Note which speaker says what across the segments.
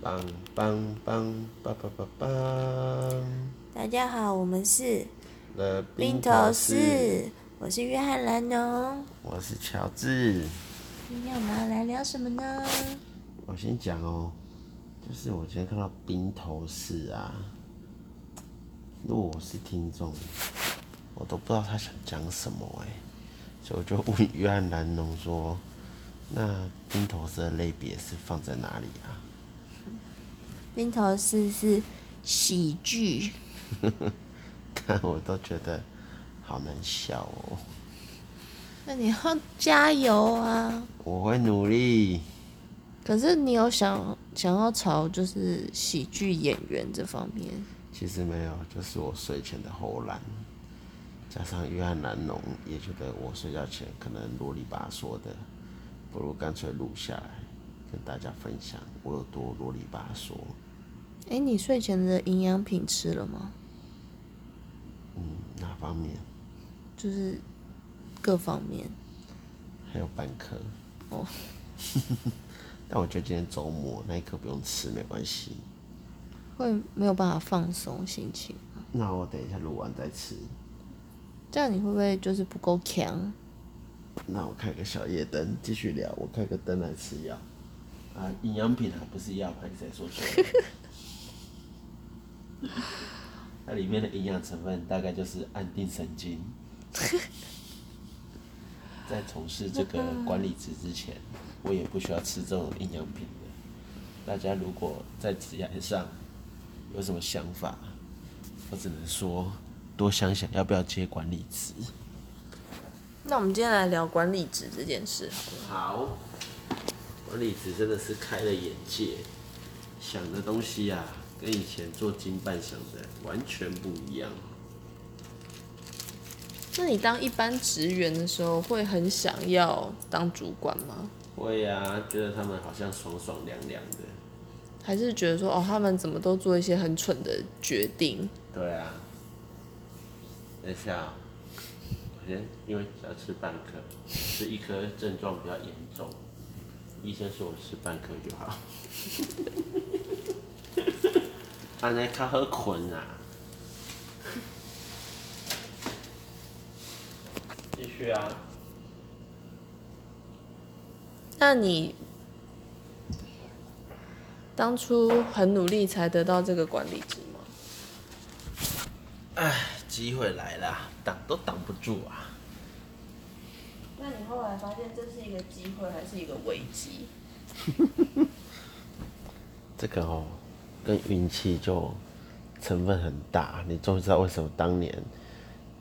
Speaker 1: bang bang bang bang bang bang，
Speaker 2: 大家好，我們是
Speaker 1: 冰頭士，
Speaker 2: 我是約翰蘭農、
Speaker 1: 哦，我是喬治。
Speaker 2: 今天我們要來聊什麼呢？
Speaker 1: 我先講哦，就是我今天看到冰頭士啊，如果我是聽眾，我都不知道他想講什麼哎，所以我就問約翰蘭農說：“那冰頭士的類別是放在哪裡啊？”
Speaker 2: 冰頭四是喜劇，
Speaker 1: 但我都覺得好難笑哦、喔。
Speaker 2: 那你要加油啊！
Speaker 1: 我會努力。
Speaker 2: 可是你有想想要朝就是喜劇演員這方面？
Speaker 1: 其實沒有，就是我睡前的後欄，加上約翰南農也覺得我睡覺前可能囉里吧嗦的，不如乾脆錄下來跟大家分享我有多囉里吧嗦。
Speaker 2: 哎、欸，你睡前的營養品吃了嗎？嗯，
Speaker 1: 哪方面？
Speaker 2: 就是各方面。
Speaker 1: 還有半顆。哦。 但我覺得今天周末那一顆不用吃，沒關係。
Speaker 2: 會沒有辦法放鬆心情。
Speaker 1: 那我等一下錄完再吃。
Speaker 2: 這樣你會不會就是不夠強？
Speaker 1: 那我開個小夜燈繼續聊，我開個燈來吃藥。啊，營養品還不是藥，還在說什麼？ 它裡面的營養成分大概就是安定神經。在從事這個管理職之前，我也不需要吃這種營養品的。大家如果在職涯上有什麼想法，我只能說多想想要不要接管理職。
Speaker 2: 那我們今天來聊管理職這件事，
Speaker 1: 好好，管理職真的是開了眼界，想的東西呀、啊。跟以前做金半響的完全不一樣。
Speaker 2: 那你當一般職員的時候，會很想要當主管嗎？
Speaker 1: 會啊，覺得他們好像爽爽涼涼的。
Speaker 2: 還是覺得說，哦，他們怎麼都做一些很蠢的決定？
Speaker 1: 對啊。等一下喔，我先因為只要吃半顆，吃一顆症狀比較嚴重。 醫生說，我吃半顆就好。 安尼較好困啊！繼續
Speaker 2: 啊！那你當初很努力才得到這個管理職嗎？
Speaker 1: 唉，哎，機會來了，擋都擋不住啊！那
Speaker 2: 你後來發現這是一個機會還是一個危機？
Speaker 1: 這個哦。跟運氣就成分很大，你終於知道為什麼當年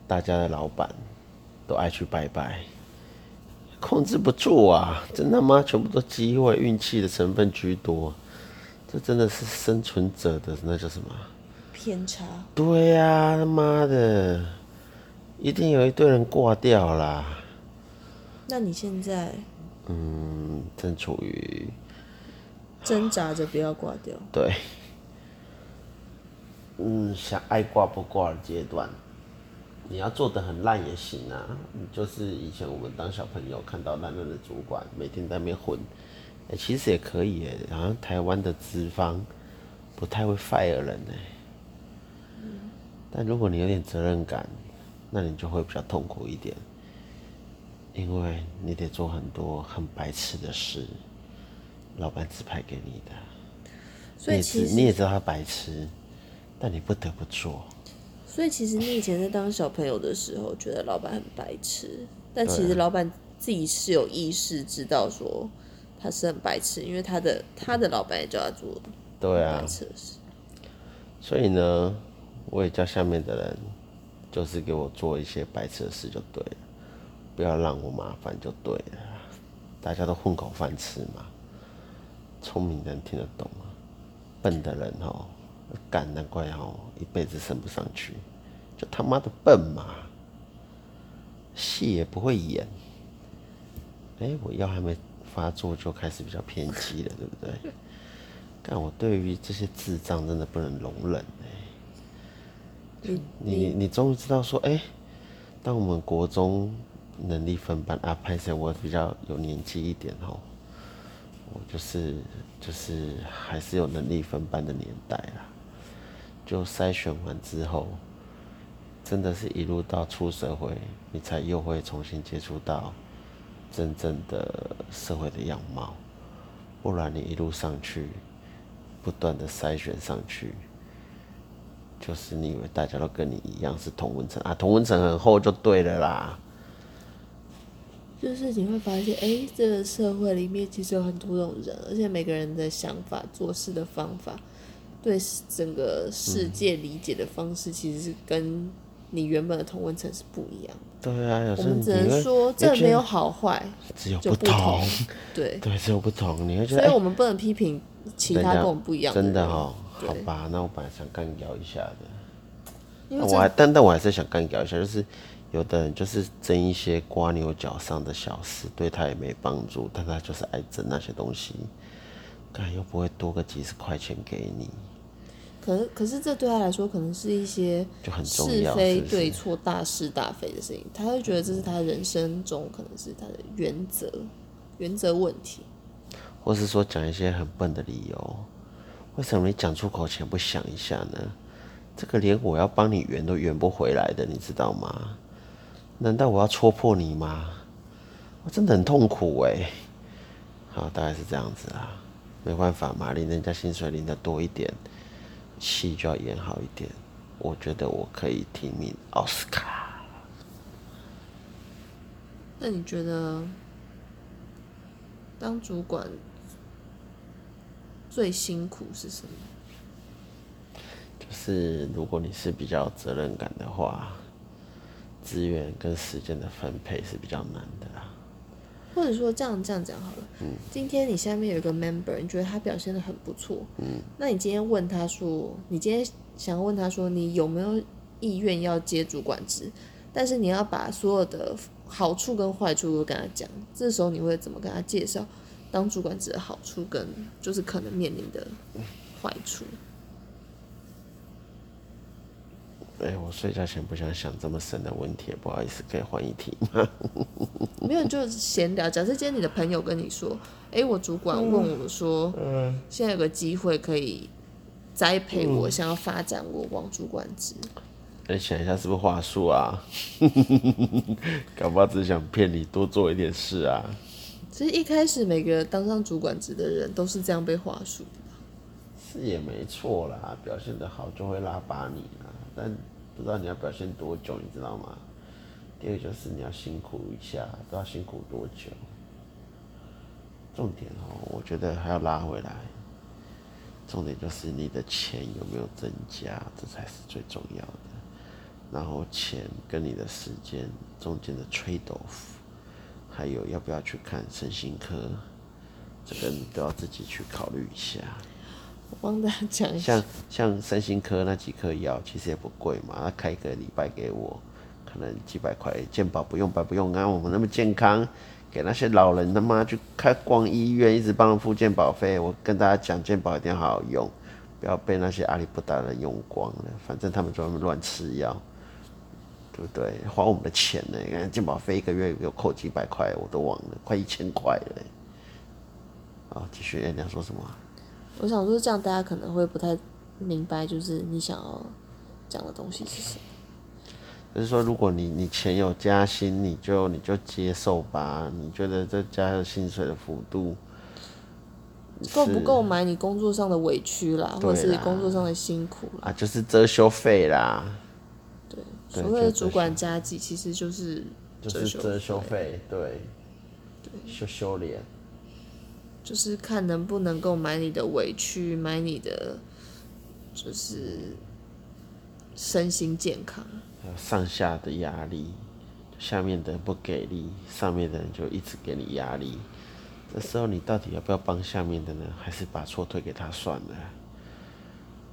Speaker 1: 大家的老闆都愛去拜拜。控制不住啊！真他媽全部都機會運氣的成分居多，這真的是生存者的那叫什麼
Speaker 2: 偏差。
Speaker 1: 對呀，啊，他媽的，一定有一堆人掛掉啦。
Speaker 2: 那你現在
Speaker 1: 嗯，正處於
Speaker 2: 掙扎着不要掛掉。
Speaker 1: 對。嗯，想愛掛不掛的階段，你要做的很爛也行啊。就是以前我們當小朋友看到爛爛的主管每天在那邊混、欸，其實也可以哎、欸。好像台灣的資方不太會 fire 人呢、欸。嗯、但如果你有點責任感，那你就會比較痛苦一點，因為你得做很多很白痴的事，老闆指派給你的。
Speaker 2: 所以你也知，你也知
Speaker 1: 道他白痴。但你不得不做，
Speaker 2: 所以其實你以前在當小朋友的時候，覺得老闆很白痴。 但其實老闆自己是有意識知道說他是很白痴，因為他的他的老闆也叫他做白痴的事。對
Speaker 1: 啊，所以呢，我也叫下面的人，就是給我做一些白痴的事就對了，不要讓我麻煩就對了。大家都混口飯吃嘛，聰明人聽得懂啊，笨的人哦。幹，難怪哦，一輩子升不上去，就他媽的笨嘛，戲也不會演。哎、欸，我腰還沒發作就開始比較偏激了，對不對？ 但我對於這些智障真的不能容忍哎、欸。你你,你終於知道說，哎、欸，當我們國中能力分班啊，拍謝我比較有年紀一點哦，我就是就是還是有能力分班的年代啦。就篩選完之後，真的是一路到出社會，你才又會重新接觸到真正的社會的樣貌。不然你一路上去，不斷的篩選上去，就是你以為大家都跟你一樣是同溫層啊，同溫層很厚就對了啦。
Speaker 2: 就是你會發現，哎、欸，這個社會裡面其實有很多種人，而且每個人的想法、做事的方法。對整個世界理解的方式，其實是跟你原本的同溫層是不一樣的、嗯。對啊，有時候我們只能說這沒有好壞，只有不同。不同。對對，只有不同。你會覺得，所以我們不能批評其他跟我們不一樣一。真的哦？
Speaker 1: 好吧，對那我本來想幹譙一下的。啊、我還但，但我還是想幹譙一下，就是有的人就是爭一些蝸牛角上的小事，對他也沒幫助，但他就是愛爭那些東西，但又不會多個幾十塊錢給你。
Speaker 2: 可是，可是這對他來說，可能是一些是非對錯、大是大非的事情。他會覺得這是他人生中，可能是他的原則、原則問題。
Speaker 1: 或是說，講一些很笨的理由。為什麼你講出口前不想一下呢？這個連我要幫你圓都圓不回來的，你知道嗎？難道我要戳破你嗎？我真的很痛苦哎、欸。好，大概是這樣子啊。沒辦法嘛，領人家薪水領得多一點。戲就要演好一點，我覺得我可以提名奧斯卡。
Speaker 2: 那你覺得當主管最辛苦是什麼？
Speaker 1: 就是如果你是比較有責任感的話，資源跟時間的分配是比較難的。
Speaker 2: 或者說這樣這樣講好了。嗯，今天你下面有一個 member，你覺得他表現得很不錯。嗯，那你今天問他說，你今天想要問他說，你有沒有意願要接主管職？但是你要把所有的好處跟壞處都跟他講。這時候你會怎麼跟他介紹當主管職的好處跟就是可能面臨的壞處？
Speaker 1: 哎、欸，我睡覺前不想想這麼深的問題，不好意思，可以換一題嗎？
Speaker 2: 沒有，就是閒聊。假設今天你的朋友跟你說：“哎、欸，我主管問我說，嗯，現在有個機會可以栽培我，嗯、想要發展我往主管職。”
Speaker 1: 哎、欸，想一下是不是話術啊？搞不好 只是想騙你多做一點事啊。其
Speaker 2: 實一開始每個當上主管職的人都是這樣被話術的。
Speaker 1: 是也沒錯啦，表現的好就會拉拔你。但不知道你要表現多久，你知道嗎？第二就是你要辛苦一下，不知道辛苦多久。重點哦，我覺得還要拉回來。重點就是你的錢有沒有增加，這才是最重要的。然後錢跟你的時間中間的 trade off，還有要不要去看身心科，這個、你都要自己去考慮一下。
Speaker 2: 我幫大家講一下，像
Speaker 1: 像身心科那幾顆藥，其實也不貴嘛。他開一個禮拜給我，可能幾百塊。健保不用白不用，啊，我們那麼健康，給那些老人他媽去開逛醫院，一直幫他付健保費。我跟大家講，健保一定要好好用，不要被那些阿里不達人用光了。反正他們專門亂吃藥，對不對？花我們的錢呢？你看，健保費一個月有沒有扣幾百塊，我都忘了，快一千塊了。好，繼續人家，欸、說什麼？
Speaker 2: 我想說，這樣大家可能會不太明白，就是你想要講的東西是什麼。
Speaker 1: 就是說，如果你你錢，有加薪，你就你就接受吧。你覺得這加的薪水的幅度
Speaker 2: 夠不夠買你工作上的委屈啦，啦或者是你工作上的辛苦
Speaker 1: 啦啊，就是遮羞費啦。
Speaker 2: 對，所謂的主管加給，對其實就是遮費，就是遮羞
Speaker 1: 費。對，對修修臉。
Speaker 2: 就是看能不能夠買你的委屈，買你的就是身心健康。
Speaker 1: 上下的壓力，下面的人不給力，上面的人就一直給你壓力。這時候你到底要不要幫下面的人，還是把錯推給他算了？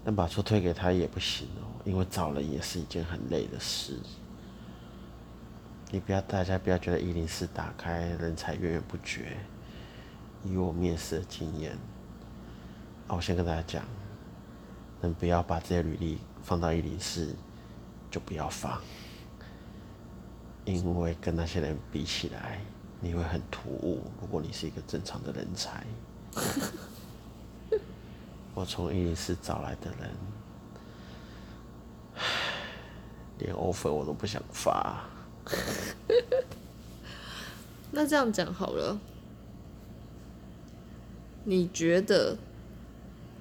Speaker 1: 那把錯推給他也不行哦，因為找人也是一件很累的事。你不要，大家不要覺得一零四打開人才源源不絕。以我面試的經驗，啊、我先跟大家講，能不要把這些履歷放到一零四，就不要放，因為跟那些人比起來，你會很突兀。如果你是一個正常的人才， 我從一零四找來的人，連 offer 我都不想發。
Speaker 2: 那這樣講好了。你覺得，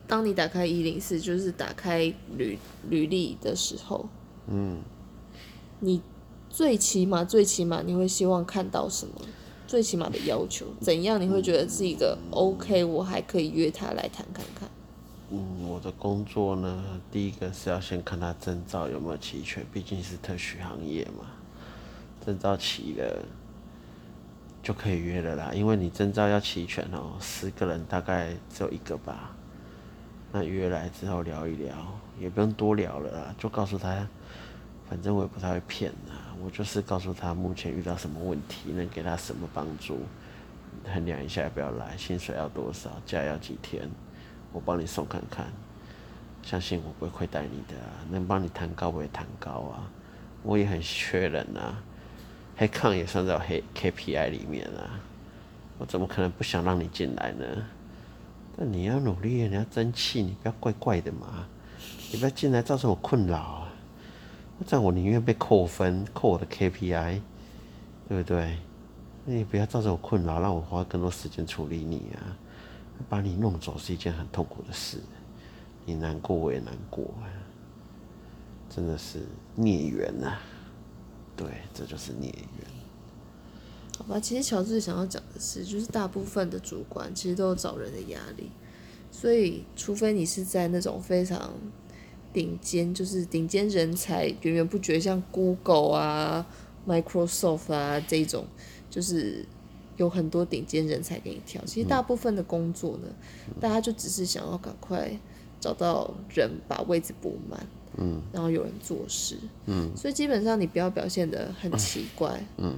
Speaker 2: 當你打開一零四，就是打開履履歷的時候，嗯，你最起碼最起碼你會希望看到什麼？最起碼的要求，怎樣你會覺得是一個 OK？我還可以約他來談看看。嗯，
Speaker 1: 我的工作呢，第一個是要先看他證照有沒有齊全，畢竟是特許行業嘛，證照齊了。就可以約了啦，因為你證照要齊全哦、喔，十個人大概只有一個吧。那約來之後聊一聊，也不用多聊了，啦。就告訴他，反正我也不太會騙啦。我就是告訴他目前遇到什麼問題，能給他什麼幫助，衡量一下要不要來，薪水要多少，假要幾天，我幫你送看看，相信我不會虧待你的、啊，能幫你談高我也會談高啊，我也很缺人啊。黑抗也算在我黑 KPI 裡面啊，我怎麼可能不想讓你進來呢？但你要努力，你要爭氣，你不要怪怪的嘛，你不要進來造成我困擾啊！我這樣我寧願被扣分，扣我的 KPI，對不對？你也不要造成我困擾，讓我花更多時間處理你啊！把你弄走是一件很痛苦的事，你難過我也難過，啊，真的是孽緣啊！對，這就是孽緣。
Speaker 2: 好吧，其實喬治想要講的是，就是大部分的主管其實都有找人的壓力，所以除非你是在那種非常頂尖，就是頂尖人才源源不絕，像 Google 啊、Microsoft 啊這種，就是有很多頂尖人才給你挑。其實大部分的工作呢，嗯，大家就只是想要趕快找到人，把位置補滿。嗯，然後有人做事，
Speaker 1: 嗯，
Speaker 2: 所以基本上你不要表現的很奇怪，嗯，嗯，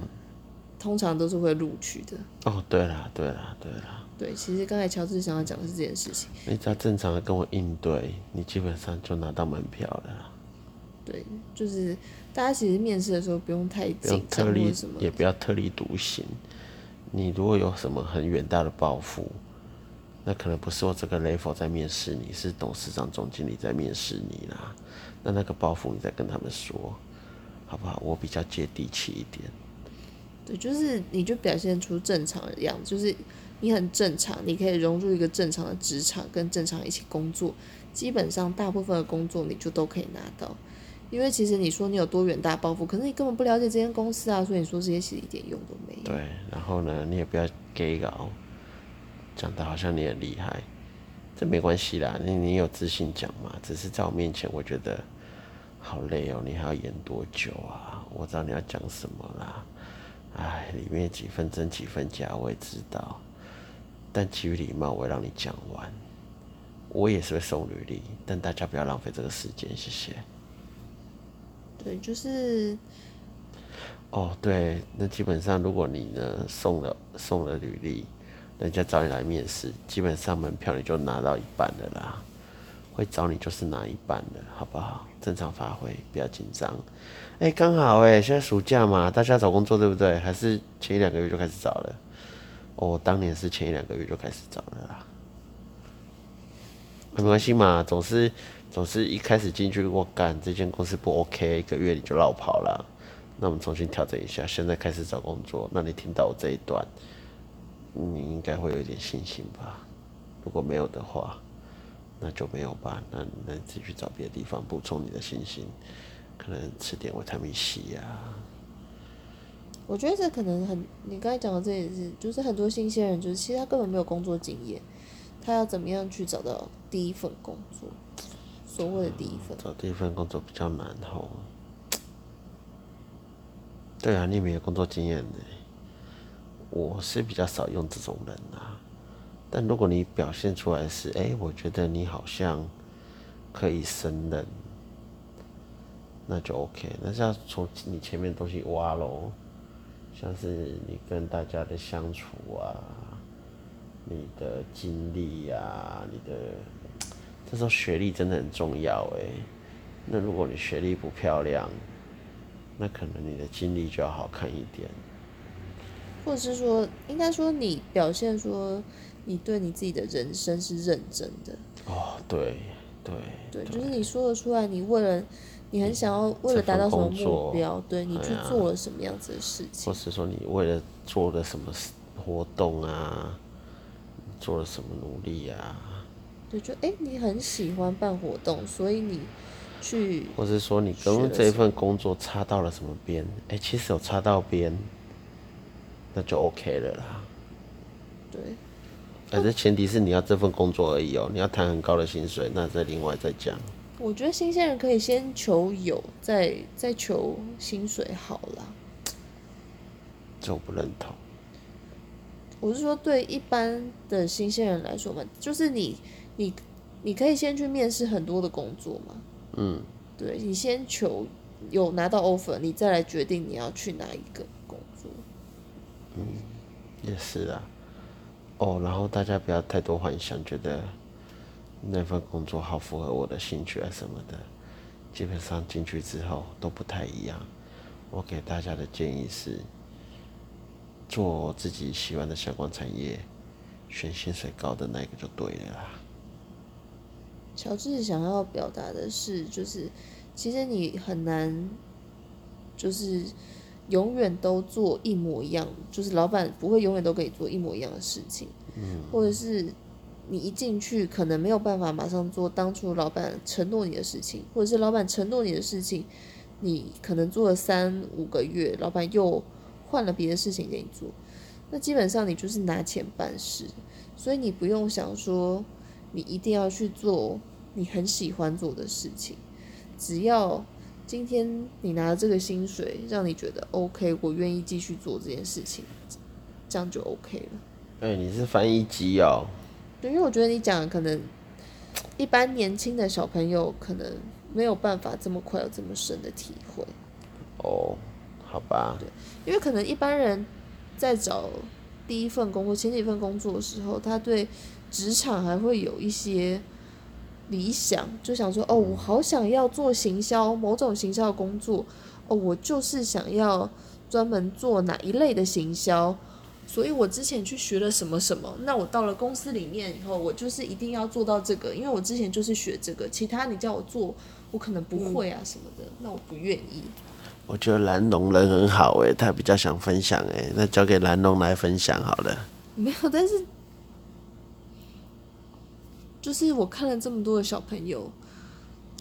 Speaker 2: 通常都是會錄取的。
Speaker 1: 哦，對啦，對啦，對啦，
Speaker 2: 對，其實剛才喬治想要講的是這件事情。
Speaker 1: 你只要正常的跟我應對，你基本上就拿到門票了。
Speaker 2: 對，就是大家其實面試的時候不用太緊張或什麼，也
Speaker 1: 不要特立獨行。你如果有什麼很遠大的抱負，那可能不是我這個 level 在面試你，是董事長、總經理在面試你啦。那那個包袱，你再跟他們說，好不好？我比較接地氣一點。
Speaker 2: 對，就是你就表現出正常的樣子，就是你很正常，你可以融入一個正常的職場，跟正常一起工作。基本上大部分的工作你就都可以拿到，因為其實你說你有多遠大抱負，可是你根本不了解這間公司啊，所以你說這些其實一點用都沒
Speaker 1: 有。對，然後呢，你也不要給佬講得好像你很厲害，這沒關係啦，你你有自信講嘛，只是在我面前，我覺得。好累哦！你還要演多久啊？我知道你要講什麼啦，唉，裡面幾分真幾分假我也知道，但基於禮貌，我會讓你講完。我也是會送履歷，但大家不要浪費這個時間，謝謝。
Speaker 2: 對，就是
Speaker 1: 哦，對，那基本上如果你呢送了送了履歷，人家找你來面試，基本上門票你就拿到一半了啦，會找你就是拿一半了，好不好？正常發揮，不要緊張。哎、欸，剛好哎，現在暑假嘛，大家找工作對不對？還是前一兩個月就開始找了？哦，當年是前一兩個月就開始找了啦。還沒關係嘛，總是總是一開始進去，如果幹這間公司不 OK，一個月你就落跑啦。那我們重新調整一下，現在開始找工作。那你聽到我這一段，你應該會有點信心吧？如果沒有的話。那就沒有吧，那那你自己去找別的地方補充你的信心，可能吃點維他命 C 呀、啊。
Speaker 2: 我覺得這可能很，你剛才講的這也是，就是很多新鮮人，就是其實他根本沒有工作經驗，他要怎麼樣去找到第一份工作？所謂的第一份。啊。
Speaker 1: 找第一份工作比較難吼。對啊，你沒有工作經驗呢，我是比較少用這種人啊。但如果你表現出來是哎、欸，我覺得你好像可以勝任，那就 OK。那是要從你前面的東西挖嘍，像是你跟大家的相處啊，你的經歷呀，你的這時候學歷真的很重要哎、欸。那如果你學歷不漂亮，那可能你的經歷就要好看一點，
Speaker 2: 或者是說，應該說你表現說。你對你自己的人生是認真的
Speaker 1: 哦，對對對，
Speaker 2: 就是你說得出來，你為了你很想要為了達到什麼目標，對你去做了什麼樣子的事情，
Speaker 1: 哎，或是說你為了做了什麼活動啊，做了什麼努力啊？
Speaker 2: 對，就哎、欸，你很喜歡辦活動，所以你去，或是說你跟這一
Speaker 1: 份工作插到了什麼邊？哎、欸，其實有插到邊，那就 OK 了啦，
Speaker 2: 對。
Speaker 1: 反正、欸、前提是你要這份工作而已哦，、喔，你要談很高的薪水，那再另外再講。
Speaker 2: 我覺得新鮮人可以先求有，再再求薪水好啦。
Speaker 1: 這我不認同。
Speaker 2: 我是說，對一般的新鮮人來說嘛，就是你你你可以先去面試很多的工作嘛。嗯，對，你先求有拿到 offer，你再來決定你要去哪一個工作。嗯，
Speaker 1: 也是啊。哦，oh, 然後大家不要太多幻想，覺得那份工作好符合我的興趣啊什麼的，基本上進去之後都不太一樣。我給大家的建議是，做自己喜歡的相關產業，選薪水高的那個就對了啦。
Speaker 2: 喬治想要表達的是，就是其實你很難，就是。永遠都做一模一樣，就是老闆不會永遠都可以做一模一樣的事情，嗯。或者是你一進去可能沒有辦法馬上做當初老闆承諾你的事情，或者是老闆承諾你的事情，你可能做了三五個月，老闆又換了別的事情給你做，那基本上你就是拿錢辦事，所以你不用想說你一定要去做你很喜歡做的事情，只要。今天你拿這個薪水，讓你覺得 OK，我願意繼續做這件事情，這樣就 OK 了。
Speaker 1: 哎，你是翻譯機哦？對，因
Speaker 2: 為我覺得你講的可能一般年輕的小朋友可能沒有辦法這麼快有這麼深的體會。哦，好吧。對，因為可能一般人在找第一份工作、前幾份工作的時候，他對職場還會有一些。理想，就想說哦，我好想要做行銷，某種行銷的工作哦，我就是想要專門做哪一類的行銷，所以我之前去學了什麼什麼，那我到了公司裡面以後，我就是一定要做到這個，因為我之前就是學這個，其他你叫我做，我可能不會啊什麼的，嗯、那我不願意。
Speaker 1: 我覺得藍龍人很好誒、欸，他比較想分享誒、欸。那交給藍龍來分享好了。
Speaker 2: 沒有，但是。就是我看了這麼多的小朋友，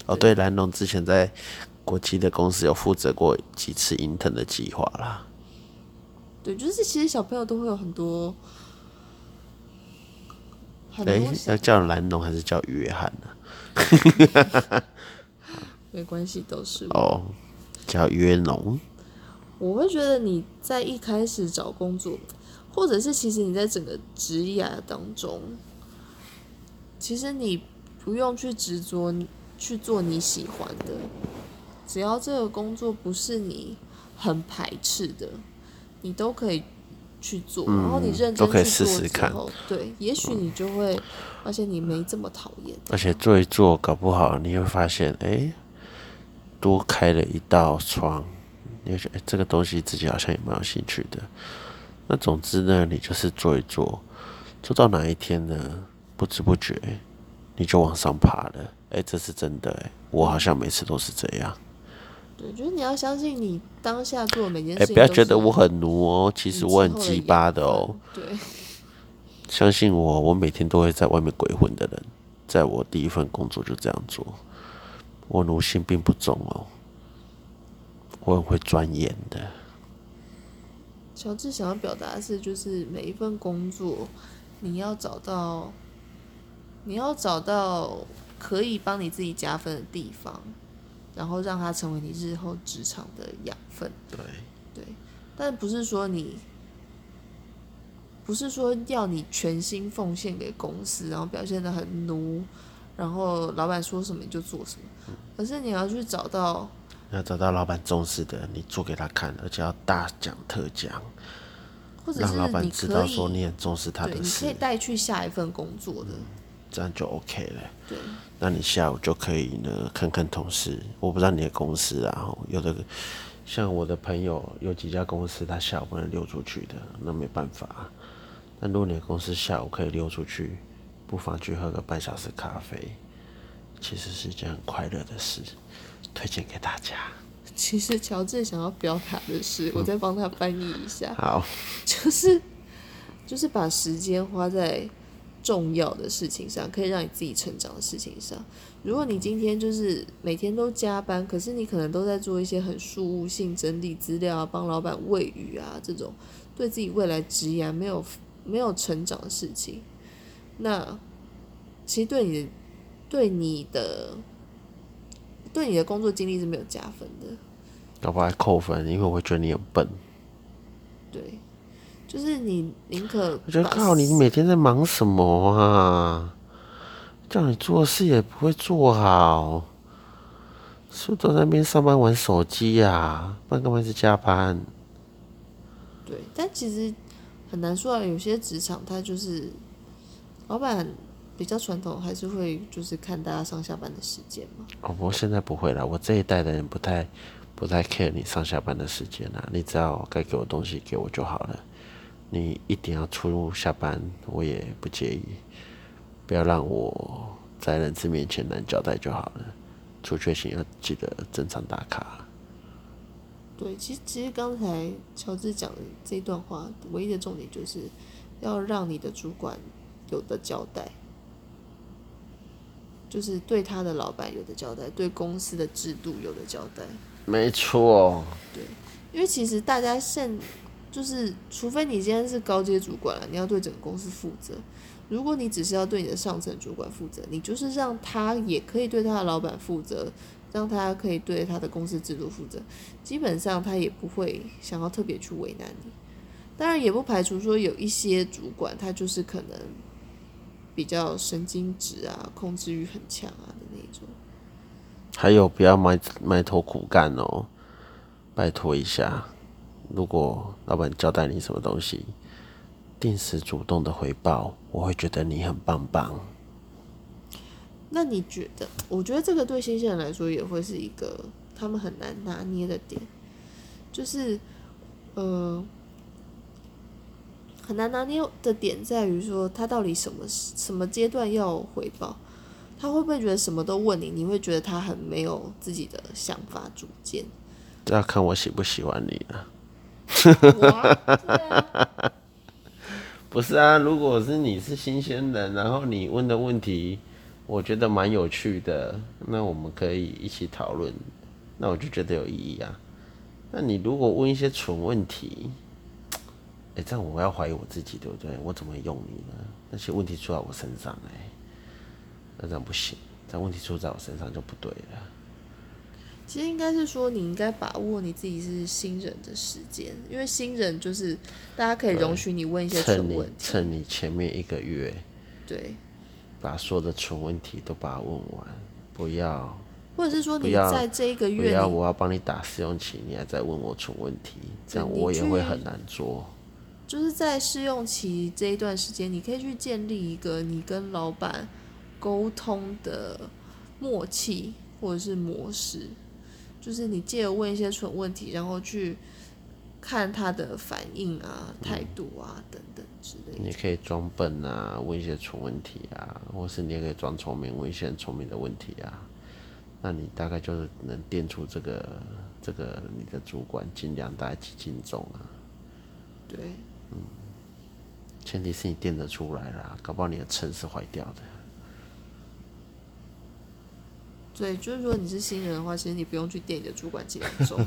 Speaker 1: 哦，對，藍農之前在國際的公司有負責過幾次 intern 的計劃啦。
Speaker 2: 對，就是其實小朋友都會有很多，很多，對、
Speaker 1: 欸，要叫藍農還是叫約翰呢？
Speaker 2: 啊？ 沒關係，都是哦，
Speaker 1: 叫約農。
Speaker 2: 我會覺得你在一開始找工作，或者是其實你在整個職業啊當中，其實你不用去執着去做你喜歡的，只要這個工作不是你很排斥的，你都可以去做。嗯、然後你認真去做之後，都可以試試看，對，也許你就會，而且你沒這麼討厭、
Speaker 1: 啊嗯。而且做一做，搞不好你會發現，哎、欸，多開了一道窗，你會覺得、欸、這個東西自己好像也蠻有興趣的。那總之呢，你就是做一做，做到哪一天呢？不知不覺，你就往上爬了。哎、欸，這是真的、欸。哎，我好像每次都是這樣。
Speaker 2: 對，就得、是、你要相信你當下做每件事情、欸。不要覺得我很奴哦、喔，其實我很雞巴的哦、喔。
Speaker 1: 對，相信我，我每天都會在外面鬼混的人，在我第一份工作就這樣做。我奴性並不重哦、喔，我很會鑽研的。
Speaker 2: 喬治想要表達的是，就是每一份工作，你要找到。你要找到可以幫你自己加分的地方，然後讓它成為你日後職場的養分。對，對，但不是說你，不是說要你全心奉獻給公司，然後表現得很奴，然後老闆說什麼你就做什麼。嗯，而是你要去找到，
Speaker 1: 要找到老闆重視的，你做給他看，而且要大講特講，或
Speaker 2: 者是你可以讓老闆知道說你
Speaker 1: 很重視他的事，對，
Speaker 2: 你可以帶去下一份工作的。嗯
Speaker 1: 這樣就 OK 了。對那你下午就可以呢，看看同事。我不知道你的公司、啊，然後有的像我的朋友，有幾家公司他下午不能溜出去的，那沒辦法。但如果你的公司下午可以溜出去，不妨去喝個半小時咖啡，其實是一件很快樂的事，推薦給大家。
Speaker 2: 其實喬治想要表達的是，嗯、我再幫他翻譯一下。好，就是就是把時間花在。重要的事情上，可以讓你自己成長的事情上。如果你今天就是每天都加班，可是你可能都在做一些很事務性、整理資料啊、幫老闆餵魚啊這種，對自己未來職業沒有沒有成長的事情，那其實對你的對你的對你的工作經歷是沒有加分的，
Speaker 1: 要不然還扣分，因為我會覺得你很笨。
Speaker 2: 對。就是你寧可，我就告訴你，你每
Speaker 1: 天在忙什麼啊？叫你做事也不會做好。是不是都在那邊上班玩手機呀、啊，不然幹嘛一直加班。
Speaker 2: 對，但其實很難說啊。有些職場他就是老板比較傳統，還是會就是看大家上下班的時間嘛。
Speaker 1: 哦，不過現在不會了。我這一代的人不太不太 care 你上下班的時間啦。你只要該給我東西給我就好了。你一定要出入下班，我也不介意。不要讓我在人事面前難交代就好了。出缺勤要記得正常打卡。
Speaker 2: 對，其實其實剛才喬治講的這段話，唯一的重點就是要讓你的主管有的交代，就是對他的老闆有的交代，對公司的制度有的交代。
Speaker 1: 沒錯哦。對，
Speaker 2: 因為其實大家現就是，除非你今天是高階主管了啊，你要對整個公司負責。如果你只是要對你的上層主管負責，你就是讓他也可以對他的老板負責，讓他可以對他的公司制度負責。基本上他也不會想要特別去為難你。當然也不排除說有一些主管他就是可能比較神經質啊，控制慾很強啊的那種。
Speaker 1: 還有不要埋埋頭苦幹哦，拜托一下。如果老闆交代你什麼東西，定時主動的回報，我會覺得你很棒棒。
Speaker 2: 那你覺得？我覺得這個對新鮮人來說也會是一個他們很難拿捏的點，就是，呃，很難拿捏的點在於說他到底什麼什麼階段要回報，他會不會覺得什麼都問你？你會覺得他很沒有自己的想法主見。
Speaker 1: 這要看我喜不喜歡你了。 啊啊、不是啊，如果是你是新鮮人，然後你問的問題，我覺得蠻有趣的，那我們可以一起討論，那我就覺得有意義啊。那你如果問一些蠢問題，哎、欸，這樣我要懷疑我自己，對不對？我怎麼會用你呢？那些問題出在我身上、欸，哎，那這樣不行，這樣問題出在我身上就不對了。
Speaker 2: 其實應該是說，你應該把握你自己是新人的時間，因為新人就是大家可以容許你問一些蠢問題，嗯，趁
Speaker 1: 你，趁你前面一個月，
Speaker 2: 對，
Speaker 1: 把所有的蠢問題都把它問完，不要，
Speaker 2: 或者是說你在這一個月，不要，我
Speaker 1: 要幫你打試用期，你還在問我蠢問題，這樣我也會很難做。
Speaker 2: 就是在試用期這一段時間，你可以去建立一個你跟老闆溝通的默契或者是模式。就是你借着問一些蠢問題，然後去看他的反應啊、態度啊、嗯、等等之類的。你可
Speaker 1: 以裝笨啊，問一些蠢問題啊，或是你也可以裝聰明，問一些聰明的問題啊。那你大概就是能掂出這個、這個你的主管盡量大概幾斤重啊。對，嗯，前提是你掂得出來啦，搞不好你的秤是壞掉的。
Speaker 2: 對，就是說你是新人的話，其實你不用去店裡的主管肩頭，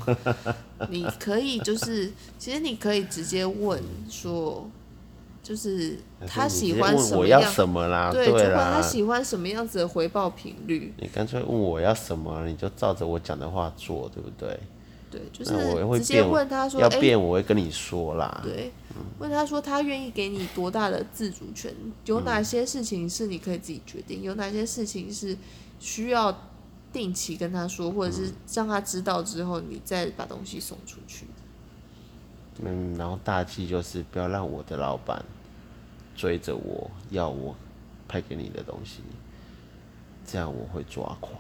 Speaker 2: 你可以就是，其實你可以直接問說，嗯、就是他喜歡什麼,樣什麼啦，對，對啦就問他喜歡什麼樣子的回報頻率。
Speaker 1: 你乾脆問我要什麼，你就照着我講的話做，對不對？
Speaker 2: 對，就是直接問他說，要變
Speaker 1: 我會跟你說啦。欸、對，
Speaker 2: 問他說他願意給你多大的自主權，有哪些事情是你可以自己決定，有哪些事情是需要。定期跟他說，或者是讓他知道之後，你再把東西送出去。
Speaker 1: 嗯，然後大忌就是不要讓我的老闆追着我要我派給你的東西，這樣我會抓狂。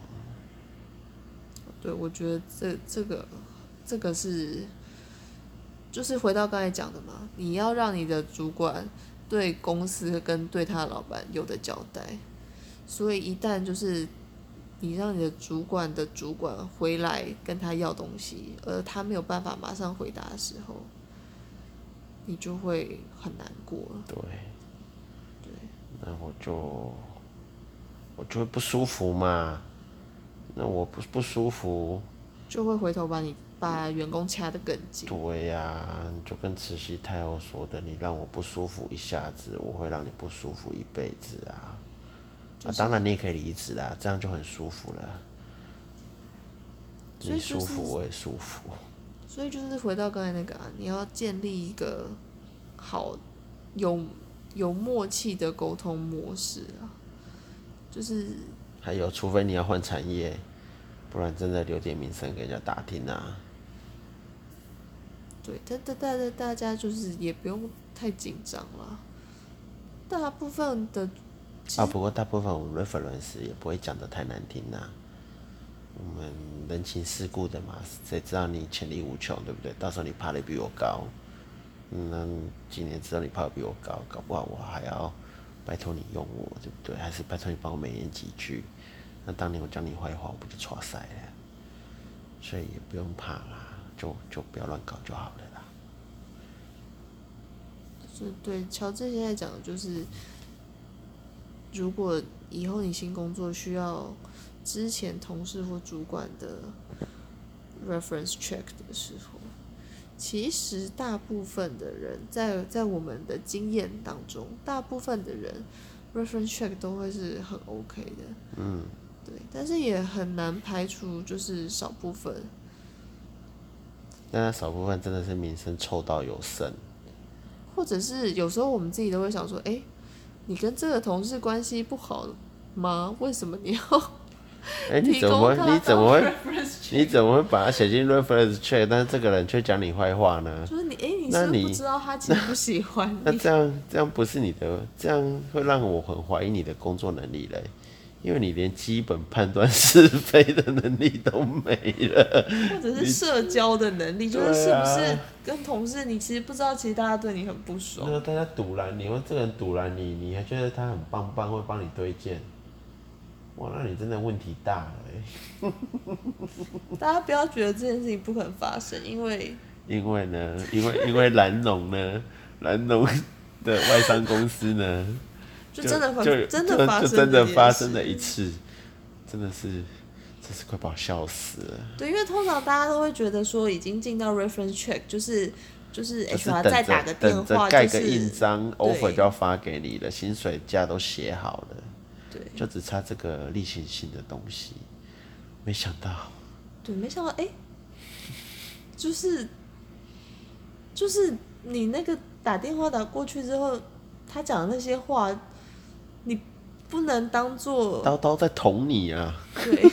Speaker 2: 對，我覺得這這個這個是，就是回到剛才講的嘛，你要讓你的主管對公司跟對他老闆有的交代，所以一旦就是。你讓你的主管的主管回來跟他要東西，而他沒有辦法馬上回答的時候，你就會很難過。對，對，
Speaker 1: 那我就我就會不舒服嘛。那我不不舒服，
Speaker 2: 就會回頭把你把員工掐得更緊。
Speaker 1: 對呀、啊，就跟慈禧太后說的，你讓我不舒服一下子，我會讓你不舒服一輩子啊。就是、啊，當然你也可以離職啦，這樣就很舒服了。所以就是、你舒服，我也舒服。
Speaker 2: 所以就是回到剛才那個、啊，你要建立一個好有有默契的溝通模式啊。就是
Speaker 1: 還有，除非你要換產業，不然真的留點名聲給人家打聽啊。
Speaker 2: 對，大家大大家就是也不用太緊張了，大部分的。
Speaker 1: 其啊，不過大部分我們 reference 也不會講得太難聽啦、啊。我們人情世故的嘛，誰知道你潛力無窮，對不對？到時候你爬得比我高，嗯，今年知道你爬得比我高，搞不好我還要拜托你用我，對不對？還是拜托你幫我美言幾句？那當年我講你壞話，我不就錯晒了？所以也不用怕啦，就就不要亂搞就好了啦。
Speaker 2: 就對，喬治現在講的就是。如果以後你新工作需要之前同事或主管的 reference check 的時候，其實大部分的人在在我們的經驗當中，大部分的人 reference check 都會是很 OK 的。嗯，對，但是也很難排除就是少部分，
Speaker 1: 那少部分真的是名聲臭到有剩，
Speaker 2: 或者是有時候我們自己都會想說，哎、欸。你跟這個同事關係不好嗎？為什麼你要、欸？哎，你怎麼？你怎麼會？
Speaker 1: 你怎麼會把他寫進 reference h e 但是這個人卻講你壞話呢？就
Speaker 2: 是你，哎、欸，你是不是不知道他其實不喜歡你。那，你那，
Speaker 1: 那這樣這樣不是你的，這樣會讓我很懷疑你的工作能力嘞。因為你連基本判斷是非的能力都沒了，或者是社
Speaker 2: 交的能力，就是是不是跟同事，你其實不知道，其實大家對你很不爽。那
Speaker 1: 大家阻攔你，你，因為這個人阻攔你，你還覺得他很棒棒，會幫你推薦？哇，那你真的問題大了、欸。
Speaker 2: 大家不要覺得這件事情不可能發生，因為
Speaker 1: 因為呢，因為因為藍龍呢， 藍龍的外商公司呢。就真的會，真的發生，真的發生了一次，真的是，真是快把我笑死了。
Speaker 2: 對，因為通常大家都會覺得說已經進到 reference check，就是就是 HR 再打個電話蓋個印章，就是，offer 就要
Speaker 1: 發給你了，對薪水價都寫好了，對，就只差這個例行性的東西。沒想到，
Speaker 2: 對，沒想到，哎，欸， 就是就是你那個打電話打過去之後，他講的那些話。不能當做刀
Speaker 1: 刀在捅你啊！
Speaker 2: 對，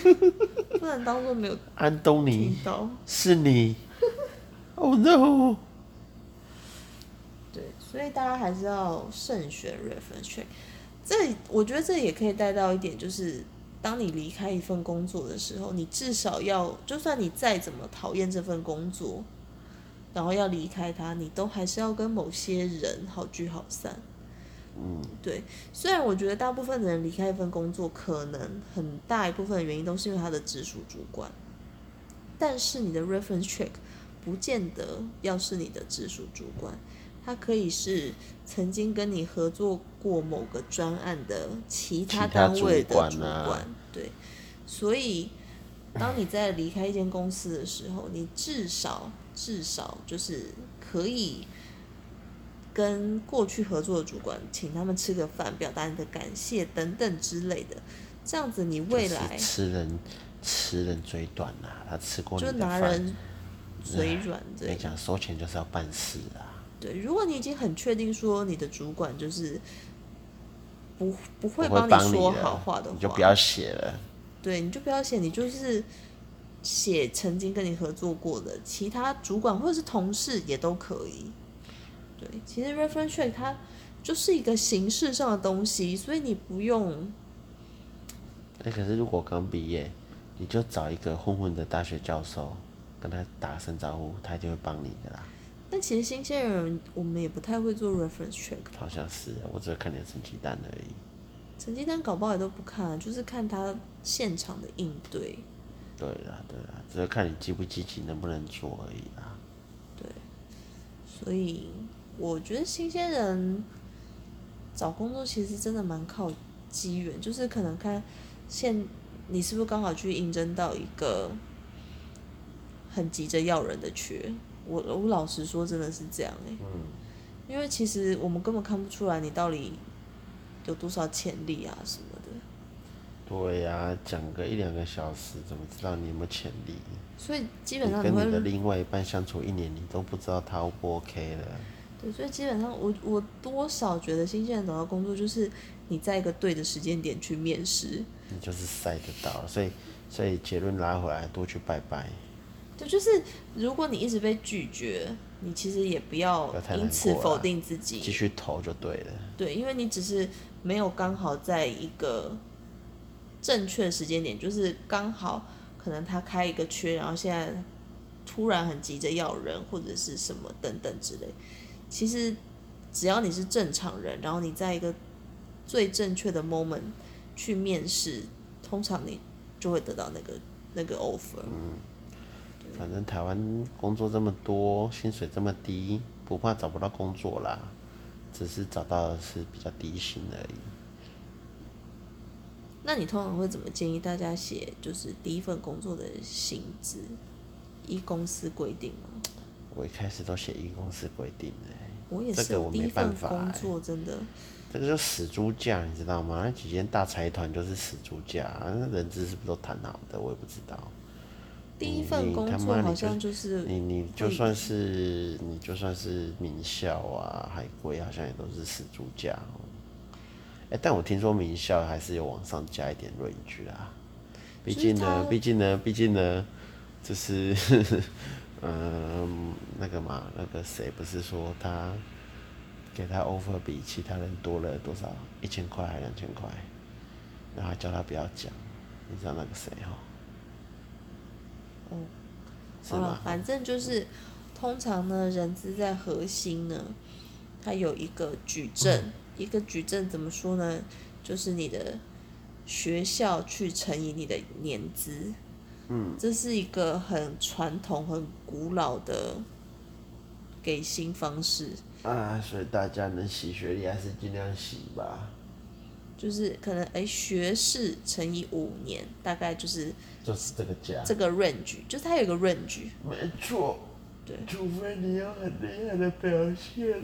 Speaker 2: 不能當做沒有
Speaker 1: 安東尼是你
Speaker 2: ，oh no！對，所以大家還是要慎選 reference。這我覺得這也可以帶到一點，就是當你離開一份工作的時候，你至少要，就算你再怎麼討厭這份工作，然後要離開它，你都還是要跟某些人好聚好散。嗯，對。雖然我覺得大部分的人離開一份工作，可能很大一部分原因都是因為他的直屬主管，但是你的 reference check 不見得要是你的直屬主管，他可以是曾經跟你合作過某個專案的其他單位的主管。主啊、對，所以當你在離開一間公司的時候，你至少至少就是可以。跟過去合作的主管，請他們吃個飯，表達你的感謝等等之類的，這樣子你未來吃
Speaker 1: 人吃人嘴短啊，他吃過就拿人
Speaker 2: 嘴軟，跟你講
Speaker 1: 收錢就是要辦事啊。
Speaker 2: 對，如果你已經很確定說你的主管就是不不會幫你說好話的話，你，的你就不要
Speaker 1: 寫了。
Speaker 2: 對，你就不要寫，你就是寫曾經跟你合作過的其他主管或者是同事也都可以。對，其實 reference check 它就是一個形式上的東西，所以你不用。
Speaker 1: 哎、欸，可是如果剛畢業，你就找一個混混的大學教授，跟他打聲招呼，他就會幫你的啦。
Speaker 2: 那其實新鮮人，我們也不太會做 reference check，
Speaker 1: 好像是、啊，我只會看你的成績單而已。
Speaker 2: 成績單搞不好也都不看，就是看他現場的應對。
Speaker 1: 對啊對啊，只是看你積不積極，能不能做而已啦、啊。
Speaker 2: 對，所以。我覺得新鮮人找工作其實真的蠻靠機緣，就是可能看現你是不是剛好去應徵到一個很急着要人的缺。我我老實說真的是這樣、欸、嗯，因為其實我們根本看不出來你到底有多少潛力啊什麼的。
Speaker 1: 對呀、啊，講個一兩個小時，怎麼知道你有沒有潛力？
Speaker 2: 所以基本上你，你跟你的
Speaker 1: 另外一半相處一年，你都不知道他 O 不 O K 了。
Speaker 2: 所以基本上我，我我多少覺得，新鮮人找到工作就是你在一個對的時間點去面試，
Speaker 1: 你就是塞得到。所以所以結論拉回來，多去拜拜。
Speaker 2: 對，就是如果你一直被拒絕，你其實也不要因此否定自己，繼、啊、續
Speaker 1: 投就對了。
Speaker 2: 對，因為你只是沒有剛好在一個正確的時間點，就是剛好可能他開一個缺，然後現在突然很急着要人，或者是什麼等等之類的。其實，只要你是正常人，然後你在一個最正確的 moment 去面試，通常你就會得到那個那個
Speaker 1: offer。嗯，反正台灣工作這麼多，薪水這麼低，不怕找不到工作啦，只是找到的是比較低薪而已。
Speaker 2: 那你通常會怎麼建議大家寫，就是第一份工作的薪資，依公司規定嗎？
Speaker 1: 我一開始都寫一公司規定的、欸，我也這個我沒辦法、欸。
Speaker 2: 做真的，
Speaker 1: 這個就死豬價，你知道嗎？那幾間大財團就是死豬價，那人資是不是都談好的？我也不知道。第一份工作好像就是你，你就算是你就算是名校啊，海歸好像也都是死豬價。哎、欸，但我聽說名校還是有往上加一點 range 啊。畢竟呢，畢竟呢，畢竟呢，就是 嗯。那個嘛，那個誰不是說他給他 offer 比其他人多了多少一千塊還兩千塊，然後還叫他不要講，你知道那個誰哦？
Speaker 2: 哦，是嗎？反正就是、嗯、通常呢，人資在核心呢，它有一個矩陣，嗯、一個矩陣怎麼說呢？就是你的學校去乘以你的年資，嗯，這是一個很傳統、很古老的。給薪方式
Speaker 1: 啊，所以大家能洗學歷還是盡量洗吧。
Speaker 2: 就是可能誒、欸，學士乘以五年，大概就是
Speaker 1: 就是這個價，這個
Speaker 2: range 就是它有個 range 沒錯。沒錯，對，除非你有很厲害的表現，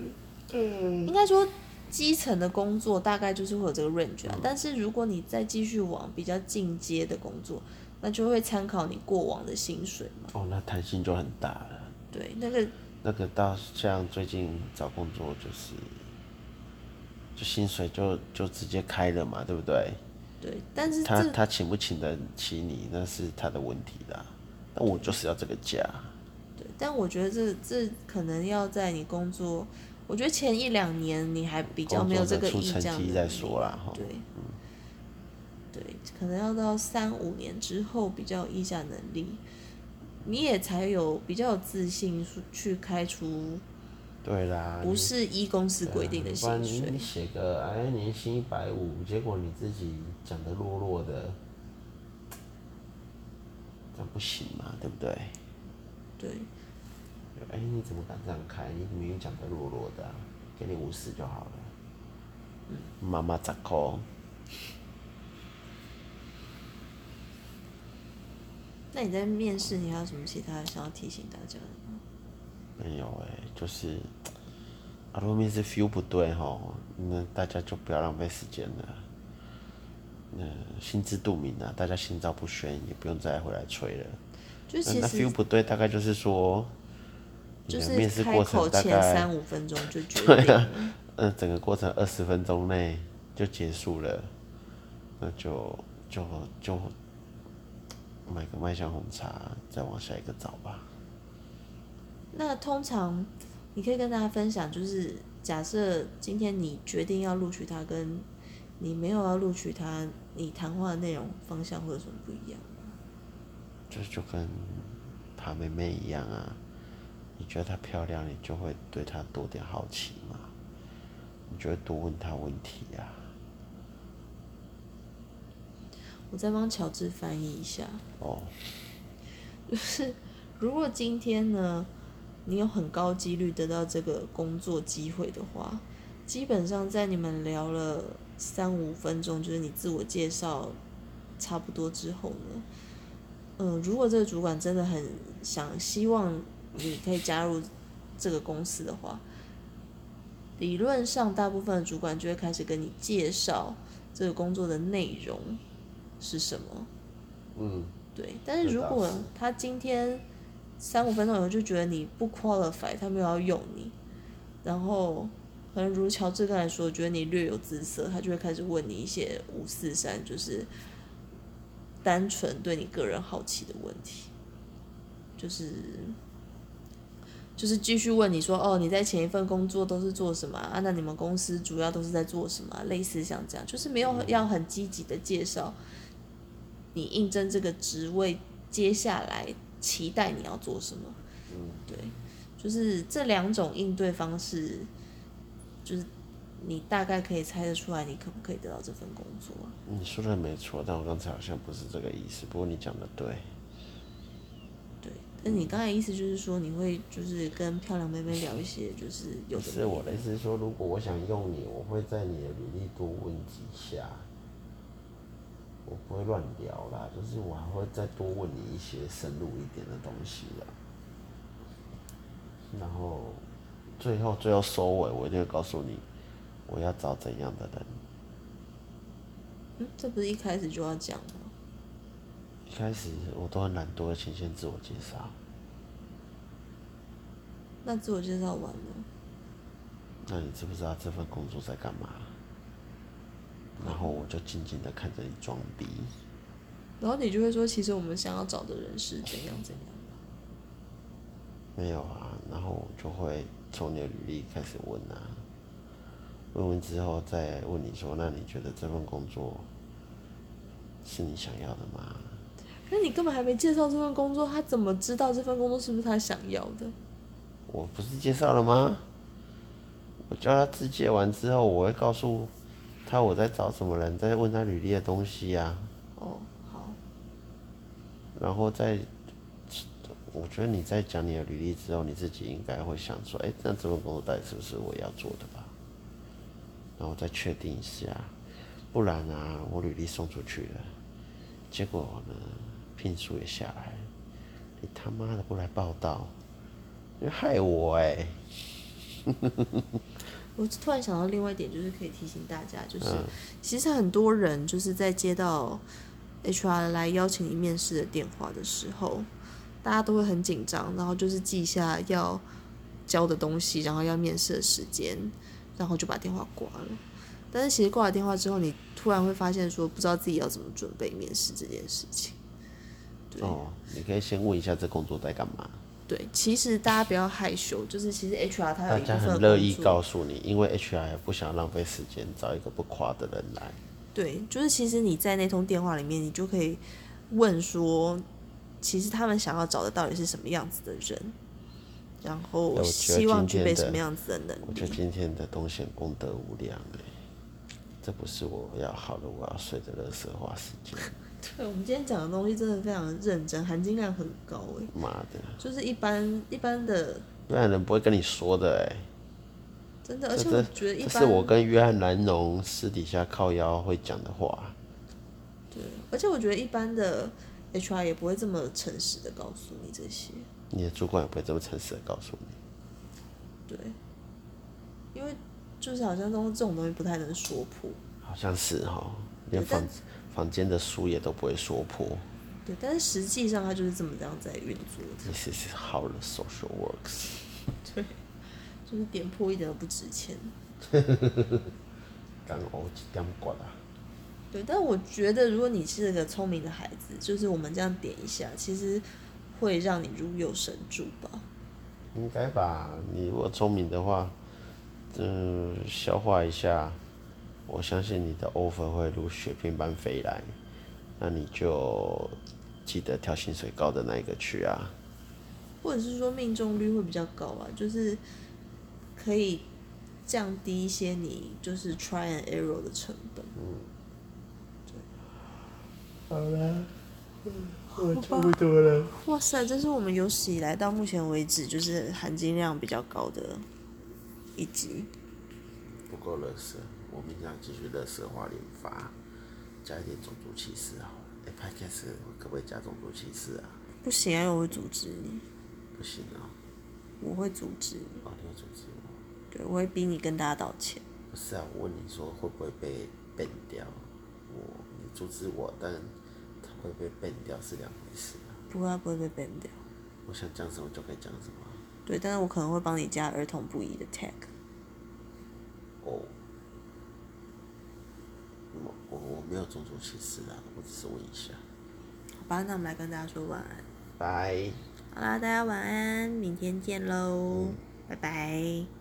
Speaker 2: 嗯、呃，應該說基層的工作大概就是會有這個 range，、啊嗯、但是如果你再繼續往比較進階的工作，那就會參考你過往的薪水
Speaker 1: 嘛。哦，那彈性就很大了。對，那個。那個到像最近找工作就是，就薪水就就直接開了嘛，對不對？對，但是他他請不請得起你，那是他的問題啦。那對我就是要這個價。
Speaker 2: 對，但我覺得這這可能要在你工作，我覺得前一兩年你還比較沒有這個意
Speaker 1: 再說啦。對，嗯、
Speaker 2: 對，可能要到三五年之後比較有議價能力。你也才有比較有自信去開出，
Speaker 1: 對啦，不是依公司規定的薪水。你寫、啊、個，哎，年薪一百五，結果你自己講的弱弱的，這樣不行嘛，對不對？對。哎，你怎麼敢這樣開？你怎麼又講的弱弱的？給你五十就好了。嗯，媽媽澤可。
Speaker 2: 那你在面試，你還有什麼其他想要提醒
Speaker 1: 大家的？沒有哎、欸，就是、啊、如果面試 feel 不對哈,那大家就不要浪費時間了。那、嗯、心知肚明啊，大家心照不宣，也不用再回來催了。就是、嗯、那 feel 不對，大概就是說，就是面試過程大概三五分鐘就決定了對、啊。嗯，整個過程二十分鐘內就結束了，那就就就。就買個麥香紅茶，再往下一個找吧。
Speaker 2: 那通常你可以跟大家分享，就是假設今天你決定要錄取他，跟你沒有要錄取他，你談話的內容方向會有什麼不一樣？
Speaker 1: 這就跟他妹妹一樣啊，你覺得她漂亮，你就會對她多點好奇嘛，你就會多問她問題呀、啊。
Speaker 2: 我再幫喬治翻譯一下哦，就是、oh. 如果今天呢，你有很高幾率得到這個工作機會的話，基本上在你們聊了三五分鐘，就是你自我介紹差不多之後呢，嗯、呃，如果這個主管真的很想希望你可以加入這個公司的話，理論上大部分的主管就會開始跟你介紹這個工作的內容。是什麼？嗯，對。但是如果他今天三五分鐘以後就覺得你不 qualify，他沒有要用你，然後可能如喬治剛才說，覺得你略有姿色，他就會開始問你一些五四三，就是單純對你個人好奇的問題，就是就是繼續問你說，哦，你在前一份工作都是做什麼啊？啊，那你們公司主要都是在做什麼啊？類似像這樣，就是沒有要很積極的介紹。你應徵這個職位，接下來期待你要做什麼？嗯，對，就是這兩種應對方式，就是你大概可以猜得出來，你可不可以得到這份工作？
Speaker 1: 你說的沒錯，但我剛才好像不是這個意思。不過你講的對，
Speaker 2: 對。但你剛才意思就是說，你會就是跟漂亮妹妹聊一些，就是有的？是我的
Speaker 1: 意思是說，如果我想用你，我會在你的履歷多問幾下。我不會亂聊啦，就是我還會再多問你一些深入一點的東西啦。然後最後最後收尾，我一定會告訴你我要找怎樣的人。嗯，
Speaker 2: 這不是一開始就要講嗎？
Speaker 1: 一開始我都很懶惰的，先先自我介紹。
Speaker 2: 那自我介紹完了，
Speaker 1: 那你知不知道這份工作在幹嘛？然後我就靜靜的看着你裝逼，
Speaker 2: 然後你就會說，其實我們想要找的人是怎樣怎樣的。
Speaker 1: 沒有啊，然後我就會從你的履歷開始問啊，問完之後再問你說，那你覺得這份工作是你想要的嗎？
Speaker 2: 那你根本還沒介紹這份工作，他怎麼知道這份工作是不是他想要的？
Speaker 1: 我不是介紹了嗎？我叫他自介完之後，我會告訴。他我在找什麼人，在問他履歷的東西呀、
Speaker 2: 啊？哦，好。
Speaker 1: 然後再，我覺得你在講你的履歷之後，你自己應該會想說，哎，那這份工作到底是不是我要做的吧？然後再確定一下，不然啊，我履歷送出去了，結果呢，聘書也下來，你他媽的不來報到，你害我哎、欸！
Speaker 2: 我突然想到另外一點，就是可以提醒大家，就是其實很多人就是在接到 HR 來邀請你面試的電話的時候，大家都會很緊張，然後就是記一下要交的東西，然後要面試的時間，然後就把電話掛了。但是其實掛了電話之後，你突然會發現說，不知道自己要怎麼準備面試這件事情。
Speaker 1: 對。哦，你可以先問一下這工作在幹嘛。
Speaker 2: 對，其實大家不要害羞，就是其實 H R 他有一大家很樂意
Speaker 1: 告訴你，因為 H R 也不想浪費時間找一個不誇的人來。
Speaker 2: 對，就是其實你在那通電話裡面，你就可以問說，其實他們想要找的到底是什麼樣子的人，然後希望具備什麼樣子的能力？我覺，我覺得
Speaker 1: 今天的東西功德無量哎、欸，這不是我要好的，我要睡的垃圾話時間。
Speaker 2: 對，我們今天講的東西真的非常的認真，含金量很高哎！
Speaker 1: 媽的，
Speaker 2: 就是一般一般的，
Speaker 1: 一般人不會跟你說的哎，
Speaker 2: 真的。而且我覺得一般是我跟
Speaker 1: 約翰蘭榮私底下靠腰會講的話。
Speaker 2: 對，而且我覺得一般的 HR 也不會這麼誠實的告訴你這些，
Speaker 1: 你的主管也不會這麼誠實的告訴你。
Speaker 2: 對，因為就是好像這種這種東西不太能說破，好
Speaker 1: 像是哈，要放房間的書也都不會說破。
Speaker 2: 對，但是實際上他就是這麼這樣在運作
Speaker 1: 的。This is how the social works。 對，
Speaker 2: 就是點破一點都不值錢。
Speaker 1: 剛學 一點過了。
Speaker 2: 對，但我覺得如果你是一個聰明的孩子，就是我們這樣點一下，其實會讓你如有神助吧。
Speaker 1: 應該吧，你如果聰明的話，嗯、呃，消化一下。我相信你的 offer 會如雪片般飛來，那你就記得挑薪水高的那一個去啊。
Speaker 2: 或者是說命中率會比較高啊，就是可以降低一些你就是 try and error 的成本。嗯，對，好
Speaker 1: 吧，好了，我差不多了。
Speaker 2: 哇塞，這是我們有史以來到目前為止就是含金量比較高的一集。
Speaker 1: 不夠了是。我明天要繼續樂色化連發，加一點種族歧視哦。哎，Podcast 可不可以加種族歧視啊？
Speaker 2: 不行啊，我會阻止你。不行啊。我會阻止你。哦，你要阻止我？對，我會逼你跟大家道歉。
Speaker 1: 不是啊，我問你說會不會被 ban 掉？我你阻止我，但他會被 ban 掉是兩回事啊。
Speaker 2: 不，他不會被 ban 掉。
Speaker 1: 我想講什麼就可以講
Speaker 2: 什麼。對，但是我可能會幫你加兒童不宜的 tag。哦。
Speaker 1: 我我沒有種族歧視啊，我只是問一下。
Speaker 2: 好吧，那我們來跟大家說晚安，
Speaker 1: 拜 Bye。
Speaker 2: 好啦，大家晚安，明天見嘍，拜拜，嗯。Bye bye